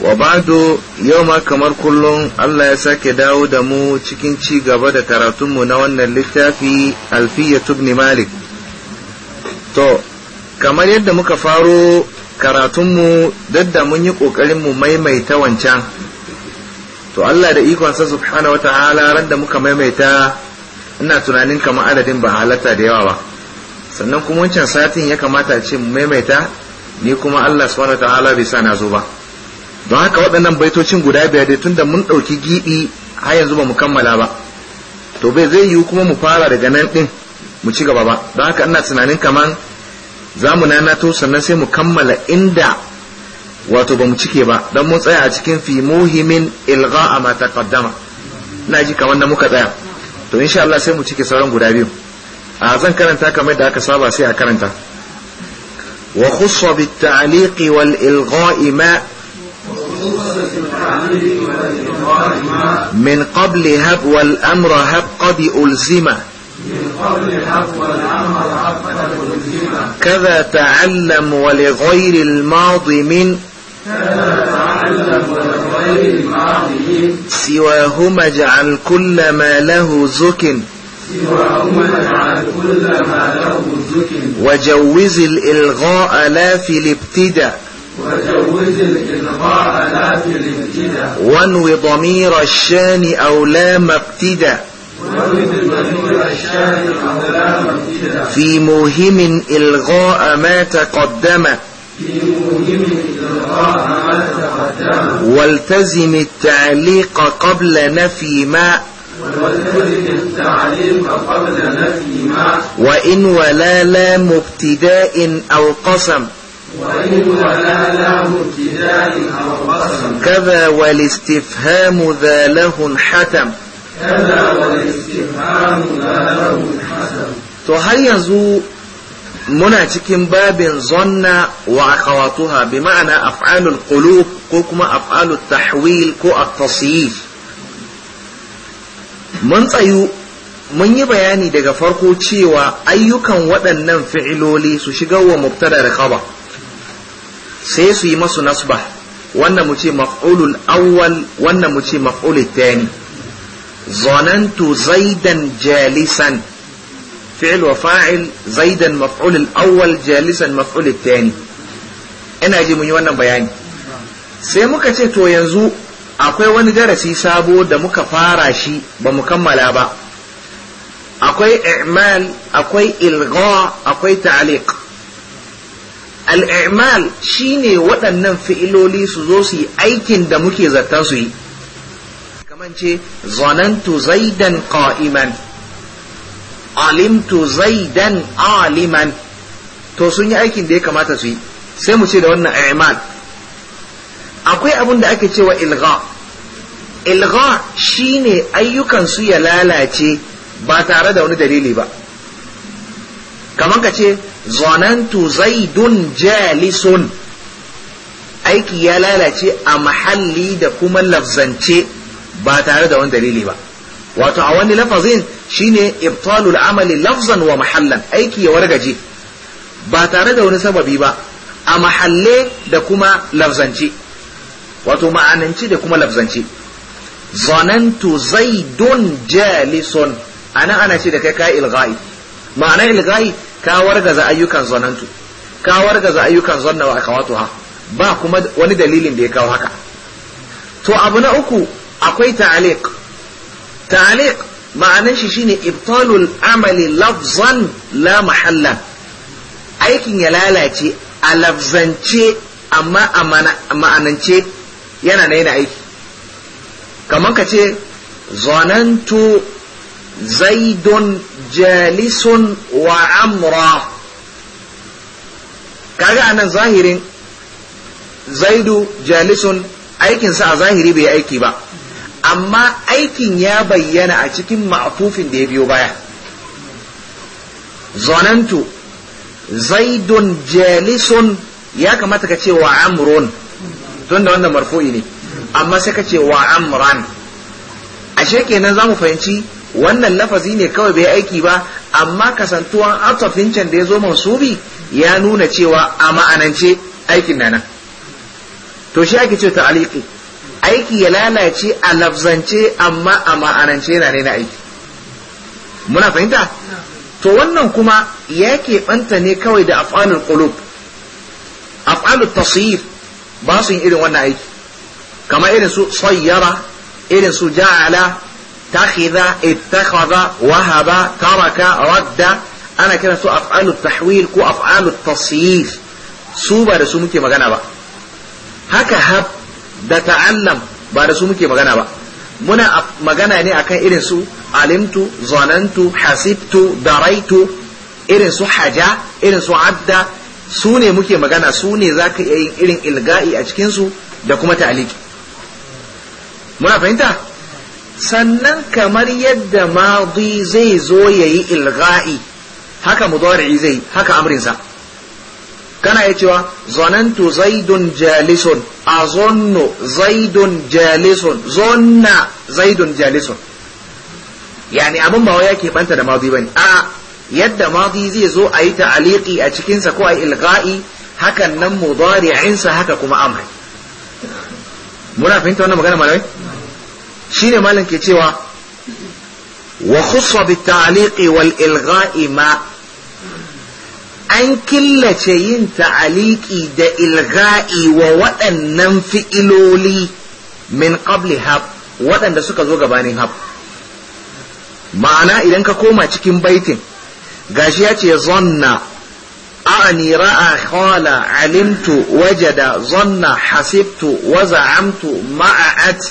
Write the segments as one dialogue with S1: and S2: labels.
S1: wa bado yau ma kamar kullum Allah ya sake dawo da mu cikin ci gaba da karatunmu na wannan littafi alfiya tubni malik to kamar yadda muka faro karatunmu duk da mun yi ƙoƙarin mu maimaita wancan to Allah da ikonsa subhanahu wata'ala ran da muka maimaita ina tunanin kamar adadin ba halatta da yawa ba sannan kuma wancan satin ya kamata a ce mu maimaita ni kuma Allah subhanahu wata'ala bai sa na zo ba don haka waɗannan baitocin guda biyar dai tunda mun ɗauki giɗi har yanzu ba mu kammala ba to bai zai yiwu kuma mu fara daga nan ɗin mu ci gaba ba don haka ina tunanin kaman za mu nanato sannan sai mu kammala inda wato ba mu cike ba don mun tsaya a cikin fi muhimin ilga a mata kaddama na ji kamar da muka tsaya to insha Allah sai mu cike sauran guda biyu a zan karanta kamar da aka saba sai a karanta wa وخص بالتعليق والإلغاء ما من قبل هب والأمر هب قد ألزم كذا تعلم ولغير الماضي من سواهما اجعل كل ما له زك وجوز الإلغاء لا في الابتداء
S2: وزوج لا في الابتداء
S1: وانو ضمير الشان أو لا مبتدا في موهم إلغاء ما تقدم والتزم التعليق قبل نفي ما وإن ولا لام ابتداء أو قسم كذا والاستفهام ذا له حتم
S2: كذا والاستفهام ذا له
S1: حتم to har yanzu muna cikin babin zonna wa akhawatuha bi ma'ana af'alul qulub ko kuma af'alul tahwil ko at-tasyih mun mun yi bayani daga farko cewa ayyukan waɗannan fi'iloli su shiga wa mubtada da sai su yi masu nasba wannan mu ce maf'ulul awwal wannan mu ce maf'ulul thani zanantu zaidan jalisan fi'l wa fa'il zaidan maf'ulul awwal jalisan maf'ulul thani ina ji mun yi wannan bayani sai muka ce to yanzu akwai wani darasi sabo da muka fara shi ba mu kammala ba akwai i'mal akwai ilgha akwai ta'liq al'imal ne waɗannan fi'iloli su zo su yi aikin da muke zartan su yi kamar ce zanantu zaidan qa'iman alimtu zaidan aliman to sun yi aikin da ya kamata su yi sai mu ce da wannan al'imal. akwai abin da ake cewa Ilga ilgha shine ayyukan su ya lalace ba tare da wani dalili ba kamar ka ce zonantu zaidun jalisun aiki ya lalace a mahalli da kuma lafzance ba tare da wani dalili ba wato a wani lafazin shine ibtalul amali lafzan wa mahallan aiki ya wargaje ba tare da wani sababi ba a mahalle da kuma lafzance wato ma'ananci da kuma lafzance zanantu zaidun jalisun ana ana ce da kai ka ilgai ma'ana ilgai ka gaza ayyukan zonantu ka gaza ayyukan zonna wa ha ba kuma wani dalilin da ya kawo haka to abu na uku akwai ta'aliq ta'aliq ma'anar shi shine ibtalul amali lafzan la mahallan aikin ya lalace a lafzance amma a ma'anance yana na yana aiki kamar ka ce zonantu zaidun jalisun wa amra kaga anan zahirin zaidu jalisun aikinsa a zahiri bai aiki ba amma aikin ya bayyana a cikin ma'atufin da ya biyo baya zonantu zaidun jalisun ya kamata ka ce wa amrun tun da wannan marfu'i ne amma sai ka ce wa amran ashe kenan za mu fahimci wannan lafazi ne kawai bai aiki ba amma kasantuwan ataf can da ya zo mansubi ya nuna cewa a ma'anance aikin na to shi ake ce ta aliki aiki ya lalace a lafzance amma a ma'anance yana ne na aiki muna fahimta to wannan kuma ya keɓanta ne kawai da afanin kulub afanin tasir ba su yin irin wannan aiki kamar irin su sayyara irin su ja'ala اتخذ اتخذ wahaba, ترك رد ana kira su af'alu tahwil ko af'alu tasyif su ba da su muke magana ba haka hab da ta'allam ba da su muke magana ba muna magana ne akan irin su alimtu zanantu hasibtu daraitu irin su haja irin su adda su ne muke magana su ne zaka iya yin irin ilga'i a cikinsu da kuma ta'aliki muna fahimta sannan kamar yadda madi zai zo ya yi ilga'i haka mudari zai haka amrinsa kana ya cewa zonantu zaidun Jalison. a zonno zaidun Jalison. zonna zaidun jalisun yani abin ba ya keɓanta da madi bane a yadda madi zai zo a yi ta'aliki a cikinsa ko a yi ilga'i hakan nan mudari'insa haka kuma amri muna fahimta wannan magana malamai shine malam ke cewa wa khussa bit ta'liqi wal ilgha'i ma an killace yin ta'aliki da ilga'i wa waɗannan fi'iloli min qabli hab waɗanda suka zo gabanin hab ma'ana idan ka koma cikin baitin gashi ya ce zonna أعني رأى قال علمت وجد ظن حسبت وزعمت معت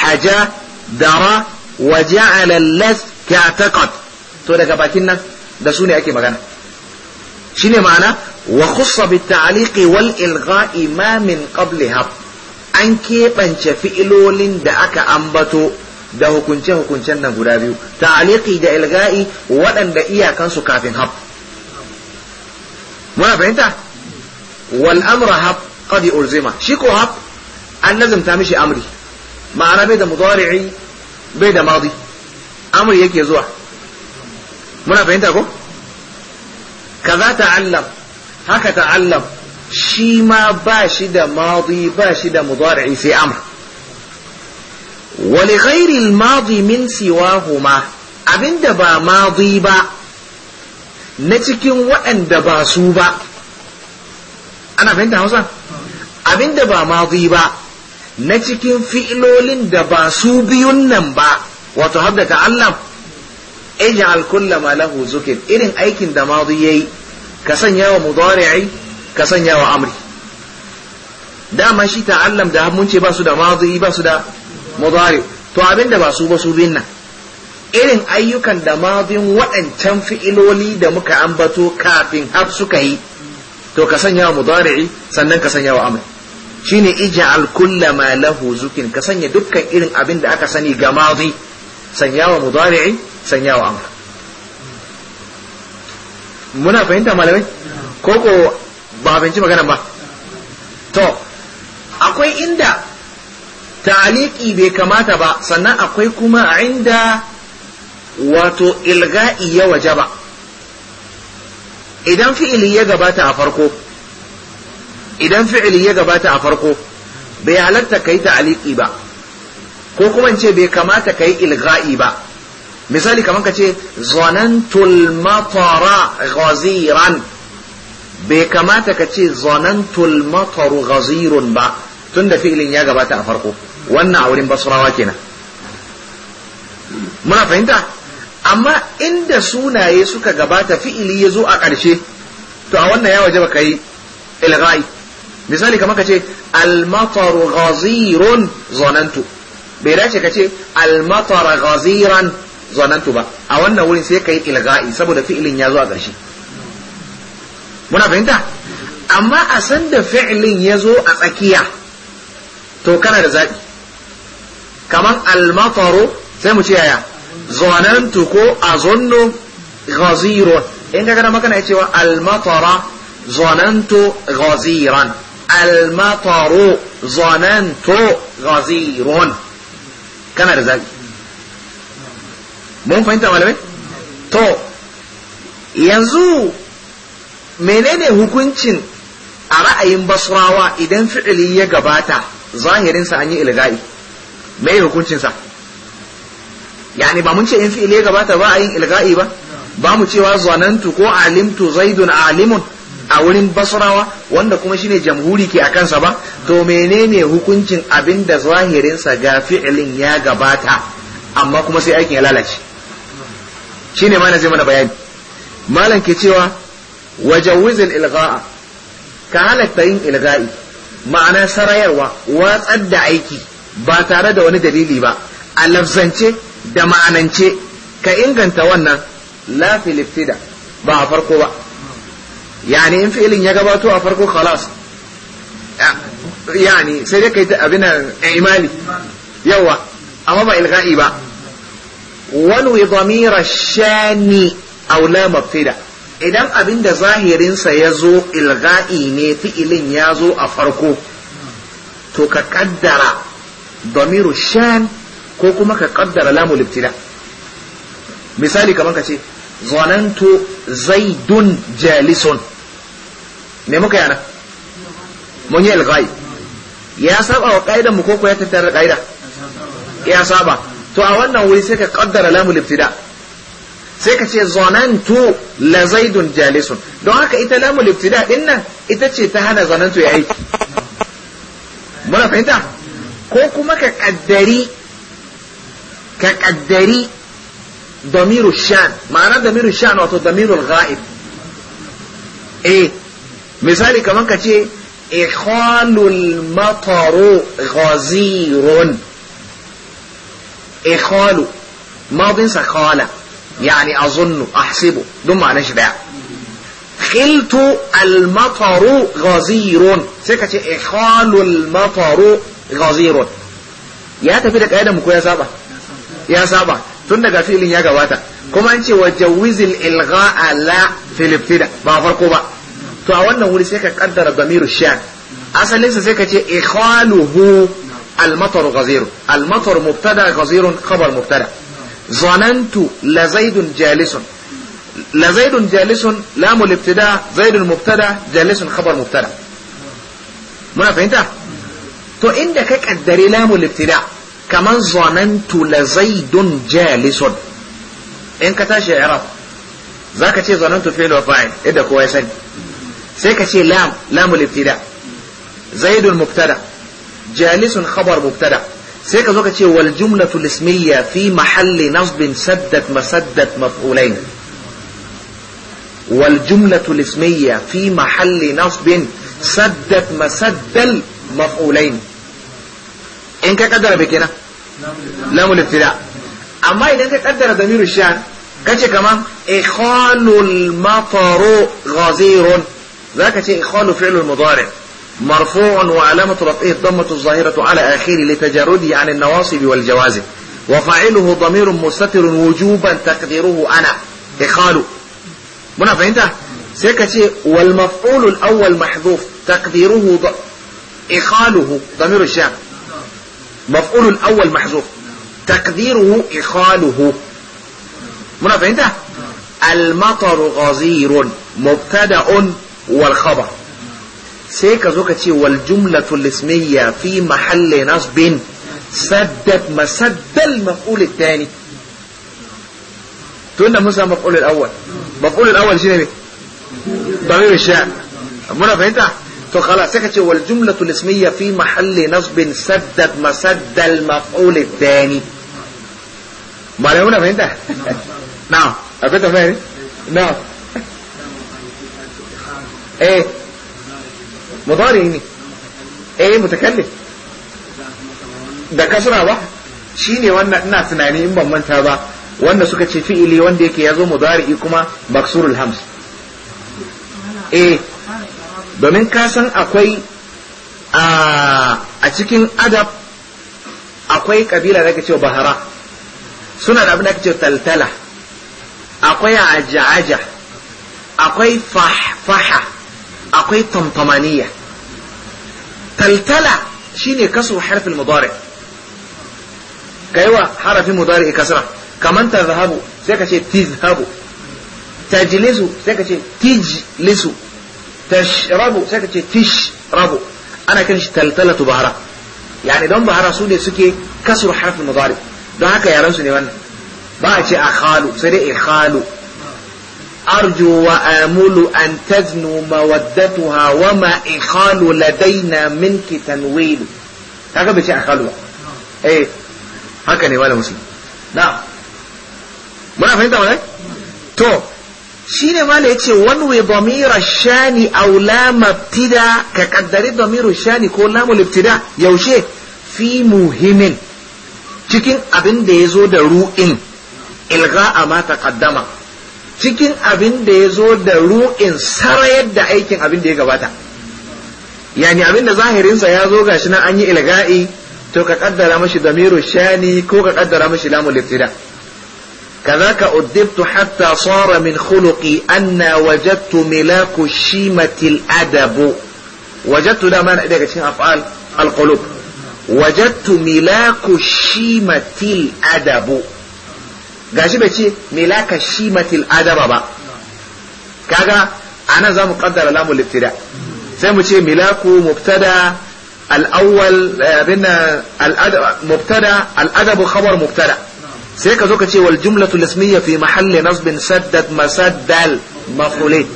S1: haja dara wa ja'ala las ya'taqad to daga bakin nan da su ne ake magana shine ma'ana wa khussa bit ta'liqi wal ilgha'i ma min qabliha an keɓance fi'ilolin da aka ambato da hukunce-hukuncen nan guda biyu ta'liqi da ilga'i waɗanda iyakansu kafin hab muna fahimta wal amra hab qad shi ko hab an lazimta mishi amri ma'ana bai da mudari'i bai da madi amr yake zuwa muna fahimta ko kaza ta'allam haka ta'allam shi ma ba shi da madi ba shi da mudari'i sai amr wa li ghairi al-madi min siwahuma abinda ba madi ba na cikin waɗanda ba su ba ana fahimta hausa abinda ba madi ba na cikin fi'ilolin da ba su biyun nan ba wato habda ta'allam ij'al kulla ma lahu zukir irin aikin da ya yayi ka sanya wa mudari'i ka sanya wa amri dama shi ta'allam da mun ce ba su da madi ba su da mudari to da ba su ba su biyun nan irin ayyukan da madin waɗancan fi'iloli da muka ambato kafin haf suka yi to ka sanya wa mudari'i sannan ka sanya wa amri shine ij'al kulla ma lahu zukin ka sanya dukkan irin abin da aka sani ga madi sanyawa mudari'i sanyawa amr muna fahimta malamai ko ko ba binci magana ba to akwai inda ta'aliki bai kamata ba sannan akwai kuma inda wato ilga'i ya wajaba idan fi'ili ya gabata a farko idan fi'ili ya gabata a farko bai halatta kai ta'aliki ba ko kuma ce bai kamata kai ilga'i ba misali kamar ka ce zonantul matara ghaziran bai kamata ka ce zonantul mataru ghazirun ba tunda fi'ilin ya gabata a farko wannan a wurin basurawa kenan muna fahimta amma inda sunaye suka gabata fi'ili ya zo a ƙarshe to a wannan ya waje ba ka yi ilga'i misali kamar ka ce almataru ghazirun zonantu bai dace ka ce almatara gaziran zonantu ba a wannan wurin sai ka yi ilga'i saboda fi'ilin ya zo a ƙarshe muna fahimta amma a san da fi'ilin ya zo a tsakiya to kana da zaɓi kamar almataro sai mu ce yaya zonantu ko a zonno ghaziron in ka gana makana ya cewa almatara zonantu gaziran. المطر ظننت غزير kana رزق مو mun fahimta malamai to yanzu menene hukuncin a ra'ayin basrawa idan fi'ili ya gabata zahirinsa an yi ilga'i me hukuncinsa yani ba mun ce in fi'ili ya gabata ba a yin ilga'i ba ba mu cewa zanantu ko alimtu zaidun alimun a wurin basrawa wanda kuma shine jamhuri ke a kansa ba to menene hukuncin abin da zahirinsa ga fi'ilin ya gabata amma kuma sai aikin ya lalace shine mana zai mana bayani malam ke cewa wajawizil ilga'a ka halatta yin ilga'i ma'ana sarayarwa watsar da aiki ba tare da wani dalili ba a lafzance da ma'anance ka inganta wannan la ba a farko ba yani in fi'ilin ya gabato a farko khalas yani sai dai kai abin imali yawa amma ba ilga'i ba walwi dhamira shani aw la mabtida idan abin da zahirinsa ya zo ilga'i ne fi'ilin ya zo a farko to ka kaddara damiru shan ko kuma ka kaddara lamul ibtida misali kamar ka ce zanantu zaidun jalisun me muka yana mun yi alghai ya saba wa kaidan mu koko ya tattara kaida ya saba to a wannan wuri sai ka kaddara lamu libtida. sai ka ce zanantu la zaidun jalisun don haka ita lamu libtida din nan ita ce ta hana zanantu ya aiki muna fahimta ko kuma ka kaddari ka kaddari ضمير الشان معناه ضمير الشان وهو ضمير الغائب ايه مثال كمان كتي إخال المطر غزير إخال ماض سخال يعني أظن أحسب دم على شبع خلت المطر غزير سكت إخال المطر غزير يا تفيدك هذا مكو يا سابا يا سابا tun daga filin ya gabata kuma an ce wa jawizil ilgha ala filibtida ba farko ba to a wannan wuri sai ka kaddara damiru shan asalinsa sai ka ce ikhaluhu Almatar Mubtada المطر Khabar Mubtada. Zanantu la ظننت لزيد La لزيد جالس Lamu الابتداء زيد Mubtada جالس Khabar Mubtada. muna fahimta to inda ka kaddare Lamu ibtida كمن ظننت لزيد جالس إن كتاشي عرب ذاك شيء ظننت فعل وفاعل إذا كويس سيك شيء لام لام الابتداء زيد المبتدا جالس خبر مبتدا سيك ذاك تي والجملة الاسمية في محل نصب سدت مسدت مفعولين والجملة الاسمية في محل نصب سدت مسد المفعولين in ka kaddara bai kenan lamul ibtida amma idan ka kaddara damiru shan kace kaman ikhalul mataru ghazirun zaka ce ikhalu fi'lul mudari مرفوع وعلامة رفعه الضمة الظاهرة على آخره لتجرده عن النواصب والجوازم وفاعله ضمير مستتر وجوبا تقديره أنا إخاله منا فهمت سيكتي والمفعول الأول محذوف تقديره ض... إخاله ضمير الشام مفعول الأول محذوف تقديره إخاله منافعين ده المطر غزير مبتدأ والخبر سيكا زوكتي والجملة الاسمية في محل نصب سدت مسد سد المفعول الثاني تقولنا مثلا مفعول الأول مفعول الأول شنو يعني؟ ضمير الشعر. منافعين فهمتها؟ to kala sai ka ce wal jumlatu ismiyya fi mahalli nasbin saddad masaddal maf'ul thani malai muna fahimta Na. akwai tambaya ne na'am eh mudari ne eh mutakallim da kasra ba shine wannan ina tunani in ban manta ba wanda suka ce fi'ili wanda yake yazo mudari kuma baksurul hams eh domin ka san akwai a cikin adab akwai kabila da ake cewa bahara suna da abin da ake cewa taltala akwai ajaja akwai faha akwai tamtamaniya taltala shine kasu harfin mudari kaiwa harafin mudari kasra kaman zahabu sai ka ce tizhabu tajlisu sai ka ce tijlisu tashrabu sai ka ce tishrabu ana kan shi taltalatu bahara yani don bahara su ne suke kasur harfin mudari don haka yaran su ne wannan ba a ce akhalu sai dai ikhalu أرجو وآمل أن تزنو مودتها وما إخال لدينا منك تنويل هكذا بشيء أخالوا إيه هكذا ولا مسلم نعم ما fahimta ولا To. shine ma da yace wanwe damira shani aw lam ibtida ka kaddari damiru shani ko lamul ibtida yaushe fi muhimin cikin abin da yazo da ru'in ilgha ma taqaddama cikin abin da yazo da ru'in sarayar da aikin abin da ya gabata yani abin da zahirinsa ya zo gashi nan an yi ilga'i to ka kaddara mashi damiru shani ko ka kaddara mashi lamul ibtida كذاك أدبت حتى صار من خلقي أن وجدت ملاك الشيمة الأدب وجدت لا مانع إذا أفعال القلوب وجدت ملاك الشيمة الأدب gashi bai ce milaka shimatil adaba ba kaga ana za mu kaddara lamu liftida sai mu ce milaku mubtada al-awwal bin sai ka zo ka ce wal jumlatu lasmiyya fi mahalli nasbin saddad masaddal maf'ulin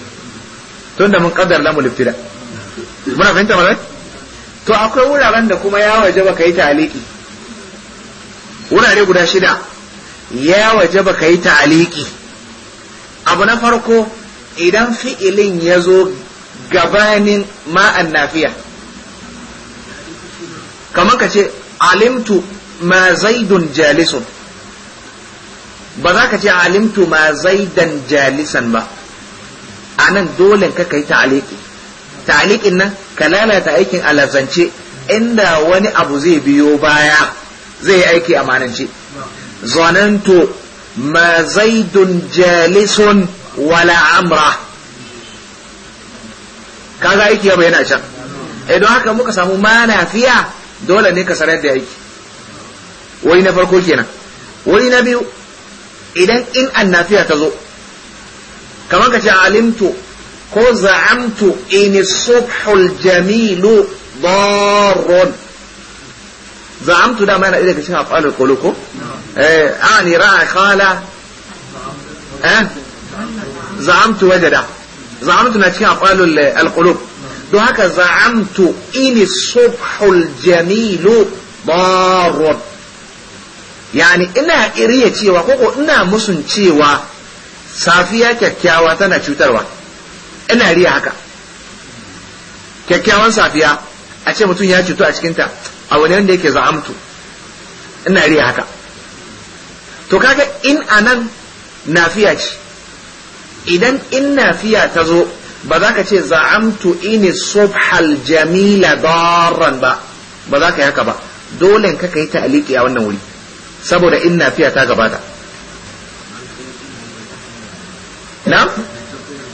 S1: tunda mun qaddar lamul ibtida muna fahimta ba to akwai wuraren da kuma ya waje baka yi ta'aliki wurare guda shida ya waje baka yi ta'aliki abu na farko idan fi'ilin ya zo gabanin ma'an nafiya kamar ka ce alimtu ma zaidun jalisun ba za ka ce alimtu ma zaidan jalisan ba a nan dole ka kai ta'aliki ta'alikin nan ka lalata aikin alazance inda wani abu zai biyo baya zai yi aiki a amanance zonanto ma zaidun jalisun wala amra kaga aiki ya bayyana can idan eh, haka muka samu manafiya, fiya dole ne ka sanar da aiki wani na farko kenan wani na biyu idan in annafiya ta zo kamar ka ce alimtu ko za'amtu in subhul jamilu darrun za'amtu da mana idan ka ce afalul qulu ko eh ani ra'a khala eh za'amtu wajada za'amtu na cikin afalul alqulub don haka za'amtu in subhul jamilu darrun yani ina iriya cewa koko ina musun cewa safiya kyakkyawa tana cutarwa ina riya haka kyakkyawan safiya a ce mutum ya cutu a cikinta a wani wanda yake za'amtu ina riya haka to kaga in anan nafiya ce idan in nafiya ta zo ba za ka ce za'amtu ini subhal jamila daran ba ba za ka yi haka ba dole ka kai ta aliki a wannan wuri saboda in nafiya ta gabata na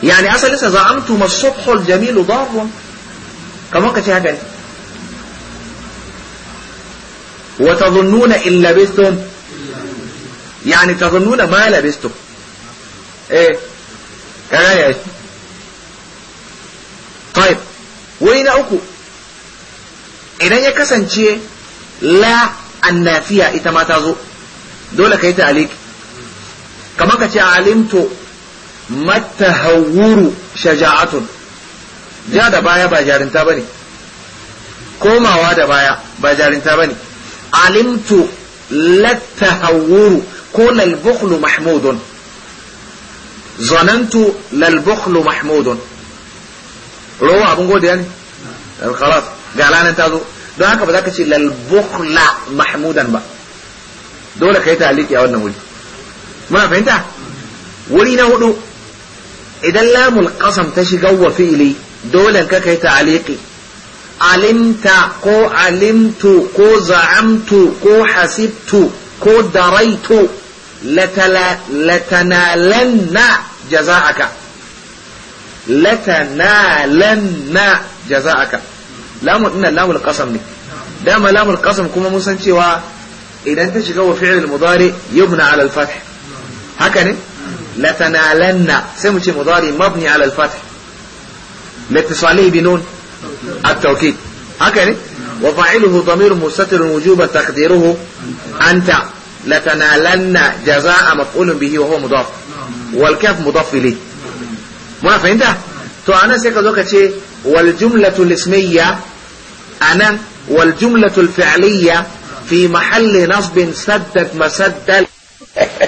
S1: yani asalinsa za'amtu masubhul jamilu darrun kamar ka ce haka ne Wata tadhunnuna in labistum yani tadhunnuna ma labistun. eh kana ya طيب wai na uku idan ya kasance la annafiya ita ma ta zo dole ka yi ta aliki kamar ka ce alimtu matahawuru shaja'atun ja da baya ba jarinta bane komawa da baya ba jarinta bane alimtu latahawuru ko lalbukhlu mahmudun zanantu lalbukhlu mahmudun rowa abin godiya ne خلاص قال ta zo? don haka ba za ka ce lal mahmudan ba dole ka yi taliki a wannan wuri muna fahimta wuri na hudu idan lamul qasam ta shiga wa fi'ili dole ka kai taliki. alimta ko alimtu ko za'amtu ko hasibtu ko daraitu latanalanna jaza'aka latanalanna jaza'aka lamun dinnan lamun qasam ne dama lamul qasam kuma mun san cewa idan ta shiga wa fi'il mudari yubna ala al sai mu ce mudari mabni ala al fath bi nun at tawkid haka ne wa fa'iluhu damir mustatir wujuba taqdiruhu anta jaza jazaa'a maf'ulun bihi wa huwa mudaf wal kaf mudaf ilayh ma fahimta to anan sai ka zo ka والجملة الاسمية أنا والجملة الفعلية في محل نصب سدت مسد